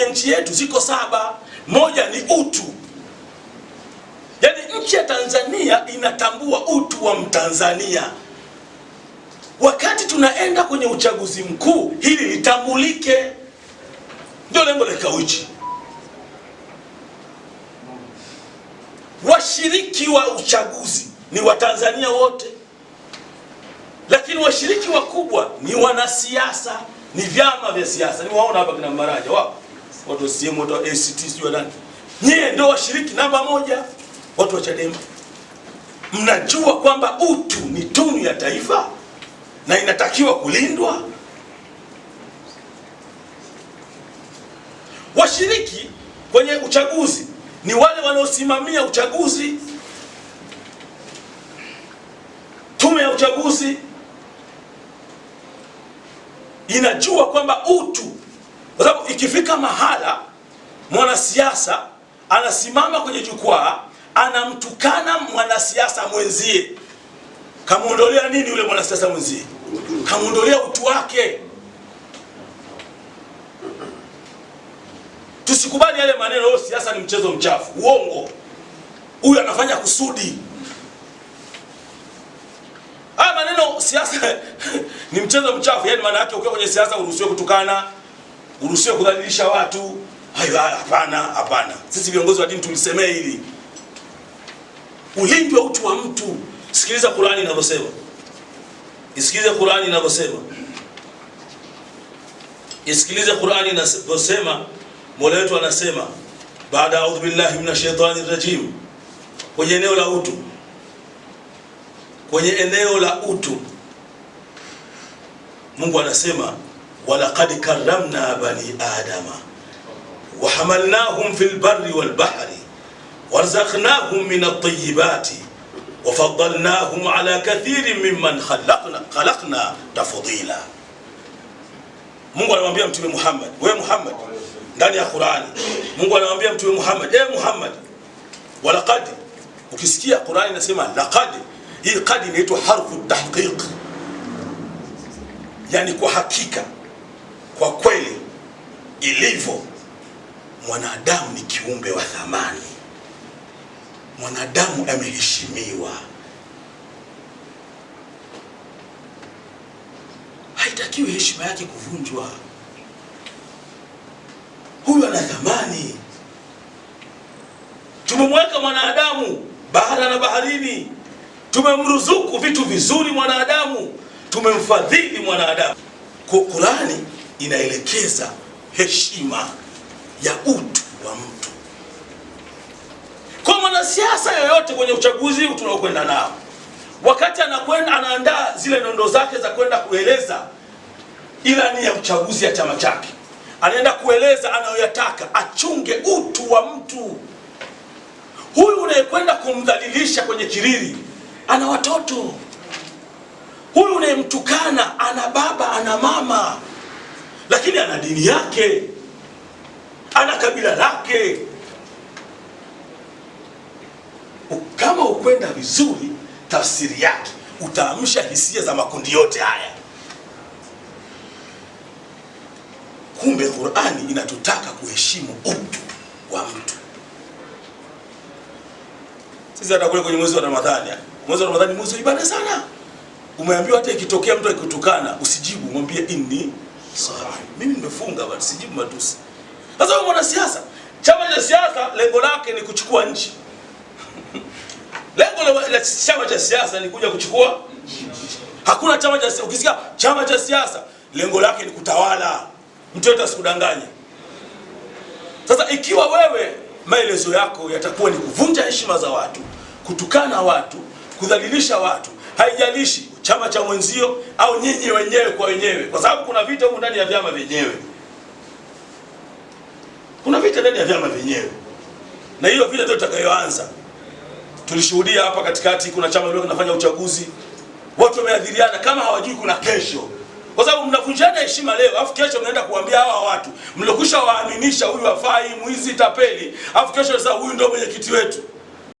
kwenye nchi yetu ziko saba. Moja ni utu, yaani nchi ya Tanzania inatambua utu wa Mtanzania. Wakati tunaenda kwenye uchaguzi mkuu, hili litambulike, ndio lengo la kikao hichi. Washiriki wa uchaguzi ni Watanzania wote, lakini washiriki wakubwa ni wanasiasa, ni vyama vya siasa. Niwaona hapa kina Maraja wapo watu wa CCM, watu wa ACT, sio nani, nyie ndio washiriki namba moja. Watu wa Chadema, mnajua kwamba utu ni tunu ya taifa na inatakiwa kulindwa. Washiriki kwenye uchaguzi ni wale wanaosimamia uchaguzi, tume ya uchaguzi inajua kwamba utu kwa sababu ikifika mahala mwanasiasa anasimama kwenye jukwaa anamtukana mwanasiasa mwenzie, kamwondolea nini yule mwanasiasa mwenzie? Kamuondolea utu wake. Tusikubali yale maneno yo, oh, siasa ni mchezo mchafu, uongo. Huyu anafanya kusudi. Haya maneno siasa ni mchezo mchafu, yani maana yake ukiwa kwenye siasa uruhusiwe kutukana uruhusiwe kudhalilisha watu. Hayo hapana, hapana. Sisi viongozi wa dini tulisemea hili, ulindwe utu wa mtu. Sikiliza Qur'ani inavyosema, isikilize Qur'ani inavyosema, isikilize Qur'ani inavyosema. Mola wetu anasema baada ya audhu billahi minashaitani rajim, kwenye eneo la utu, kwenye eneo la utu Mungu anasema walaqad karramna bani adama wa hamalnahum fil barri wal bahri warzaqnahum min at-tayyibati wa faddalnahum ala kathirin mimman khalaqna tafdila. Mungu anamwambia Mtume Muhammad, wewe Muhammad, ndani ya Qur'ani Mungu anamwambia Mtume Muhammad, eh Muhammad, walaqad. Ukisikia Qur'ani inasema laqad, hii qad inaitwa harfu tahqiq, yani kwa hakika kwa kweli ilivyo, mwanadamu ni kiumbe wa thamani, mwanadamu ameheshimiwa. Haitakiwi heshima yake kuvunjwa. Huyu ana thamani. Tumemweka mwanadamu bahara na baharini, tumemruzuku vitu vizuri mwanadamu, tumemfadhili mwanadamu. Kurani inaelekeza heshima ya utu wa mtu. Kwa mwanasiasa yoyote kwenye uchaguzi tunaokwenda nao, wakati anakwenda anaandaa zile nondo zake za kwenda kueleza ilani ya uchaguzi ya chama chake, anaenda kueleza anayoyataka, achunge utu wa mtu huyu. Unayekwenda kumdhalilisha kwenye kiriri ana watoto, huyu unayemtukana ana baba, ana mama lakini ana dini yake, ana kabila lake. Kama ukwenda vizuri tafsiri yake, utaamsha hisia za makundi yote haya. Kumbe Qur'ani inatutaka kuheshimu utu wa mtu. Sisi hata kule kwenye mwezi wa Ramadhani, mwezi wa Ramadhani mwezi wa ibada sana. Umeambiwa hata ikitokea mtu akikutukana usijibu, mwambie inni swala. Mimi nimefunga bali sijibu matusi. Sasa wewe siasa, chama cha siasa lengo lake ni kuchukua nchi. Lengo la chama cha siasa ni kuja kuchukua. Hakuna chama cha siasa. Ukisikia chama cha siasa lengo lake ni kutawala. Mtu yote asikudanganye. Sasa ikiwa wewe maelezo yako yatakuwa ni kuvunja heshima za watu, kutukana watu, kudhalilisha watu, haijalishi chama cha mwenzio au nyinyi wenyewe kwa wenyewe, kwa sababu kuna vita huko ndani ya vyama vyenyewe, kuna vita ndani ya vyama vyenyewe, na hiyo vita ndio tutakayoanza. Tulishuhudia hapa katikati, kuna chama leo kinafanya uchaguzi, watu wameadhiriana kama hawajui kuna kesho, kwa sababu mnavunjana heshima leo, afu kesho mnaenda kuambia hawa watu mliokwisha waaminisha, huyu hafai, mwizi, tapeli, afu kesho sasa huyu ndio mwenyekiti wetu.